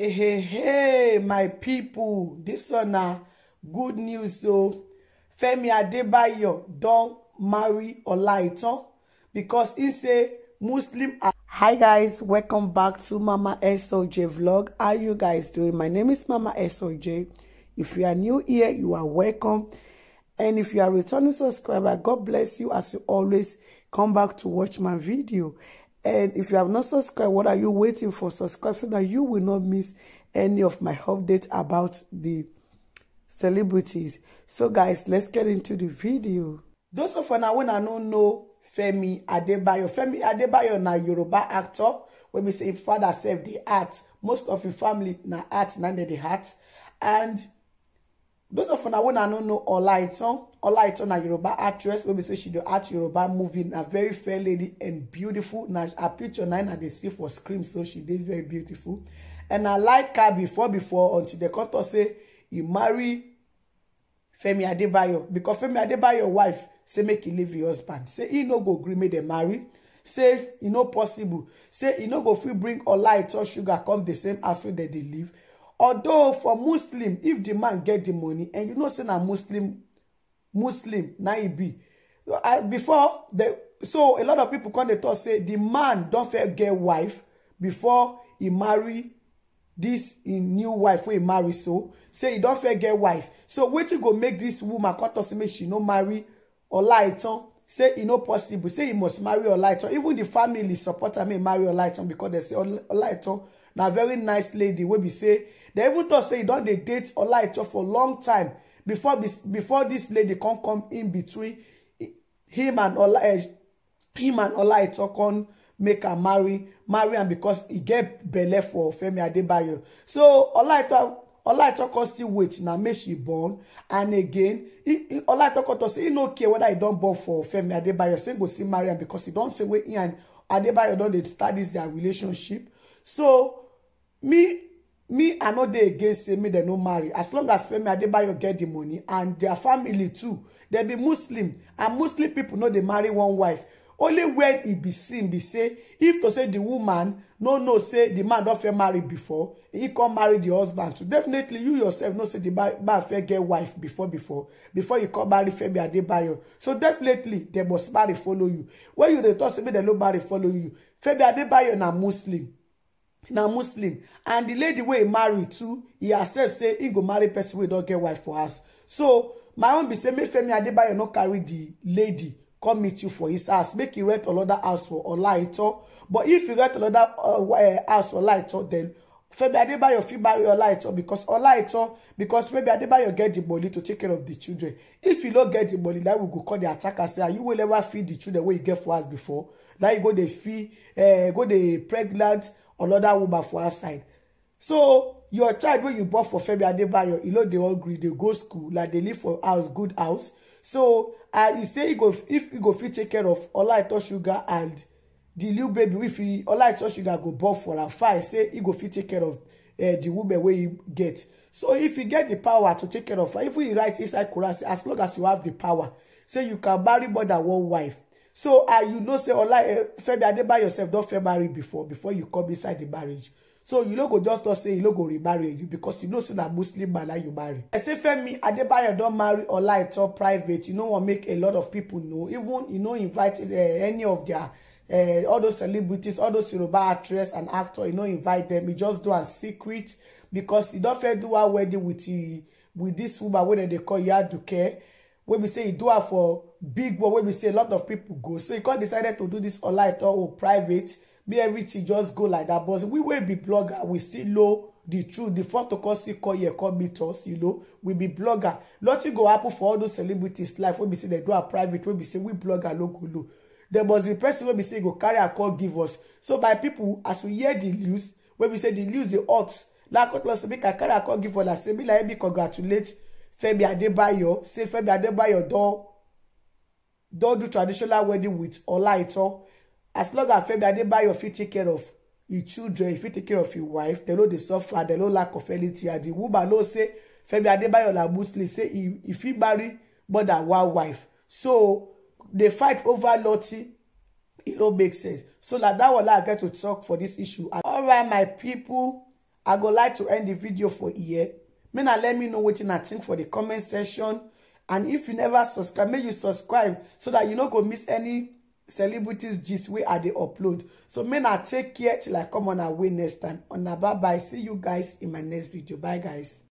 Hey, hey, hey, my people. This one na good news o. Femi Adebayo don marry Olaitan because he say Muslim. Hi guys, welcome back to Mama SOJ vlog. How you guys doing? My name is Mama SOJ. If you are new here, you are welcome. And if you are returning subscriber, God bless you as you always come back to watch my video. And if you have not subscribed, what are you waiting for? Subscribe so that you will not miss any of my updates about the celebrities. So guys, let's get into the video. Those of you who I don't know Femi Adebayo. Femi Adebayo na Yoruba actor. When we say father save the art, most of the family na art, none of the heart. And those of una wey na no know Olaitan Olaitan na Yoruba actress We say she do art Yoruba movie a very fair lady and beautiful na her picture nine na dey see for scream, so she did very beautiful and I like her before before until the come say e marry Femi Adebayo because Femi Adebayo wife say make e leave your e husband say e no go agree. make dem marry say e no possible say e no go fit bring Olaitan sugar come the same after wey dem dey although for muslim if the man get the money and you know say na muslim muslim na e be before so a lot of people come dey talk say the man don fair get wife before he marry dis new wife wey e marry so say e don fair get wife so wetin go make this woman come to say make she no marry olaitan say e no possible say e must marry olaitan even the family support am make marry olaitan because dem say olaitan na very nice lady wey be say dem even tok say e don dey date olaitan for long time before before this lady come come in between him and eh, Him and olaitan come make am marry marry am because e get belle for femi adebayo so olaitan Olaitoko still wait Now, make she born and again Olaitoko to say e no care whether e don't born for Femi Adebayo say go see marry him because he don't say wait e and Adebayo don dey start this their relationship so me me i no dey against say me they no marry as long as Femi Adebayo get the money and their family too They be muslim and muslim people know they marry one wife only when e be seen be say if to say the woman no know say the man don fair marry before he come marry the husband too definitely you yourself know say the man fair get wife before before before you come marry femi adebayo so definitely dem must marry follow you when you dey talk say make dem no marry follow you femi adebayo na muslim na muslim and the lady wey e marry too he herself say he go marry person wey don get wife for us. so my own be say me femi adebayo no carry the lady come meet you for his house make you rent another house for Olaito but if you rent another uh, eh, house for Olaito then Femi Adebayo fit marry Olaito because Olaito because Femi Adebayo get the money to take care of the children if you no get the money na we go call the attacker say you will never feed the children wey you get for house before Now you go the fee. uh, go the pregnant another woman for outside so your child wey you born for femi adebayo e no dey hungry dey go school like dey live for house good house so and e say if e go fit take care of olaito sugar and di little baby wey olaito sugar go born for am fine say e go fit take care of di eh, woman wey e get so if you get di power to take care of her if we write inside Quran say as long as you have di power say you can marry more than one wife so and you know say eh, femi adebayo sef don marry before before you come inside di marriage so you no go just talk say you no go remarry you because you know say na muslim man na you marry Esefemi Adebayo don marry Olaitan private You no wan make a lot of people know even You no invite uh, any of their uh, all those celebrities all those Yoruba actress and actor You no invite them e just do am secret because e don fit do her wedding with the with this woman wey dem dey call Yaduke wey be say e do am for big one wey be say a lot of people go so he come decided to do this Olaitan o oh, private Be everything just go like that but we will be blogger we still know the truth the photocopy call here call meet us you know we be blogger nothing go happen for all those celebrities life When we say they do am private when we say we blogger no go know there must be person when we say go carry a call give us so my people as we hear the news when we say the news dey hot what say make i carry a call give una say me like me congratulate Femi Adebayo say Femi Adebayo don Don't do traditional wedding with Olaito as long as Femi Adebayo fit take care of e children e fit take care of e wife dem no dey suffer dem no lack of anything and the woman know say Femi Adebayo na Muslim say e e fit marry more than one wife so dey fight over nothing e no make sense so na that one i get to talk for this issue All right, my people i go like to end the video for here make na let me know wetin i think for the comment section and if you never subscribe make you subscribe so that you no go miss any celebrities gist wey i dey upload so may na take care till i come on our way next time una bye bye see you guys in my next video bye guys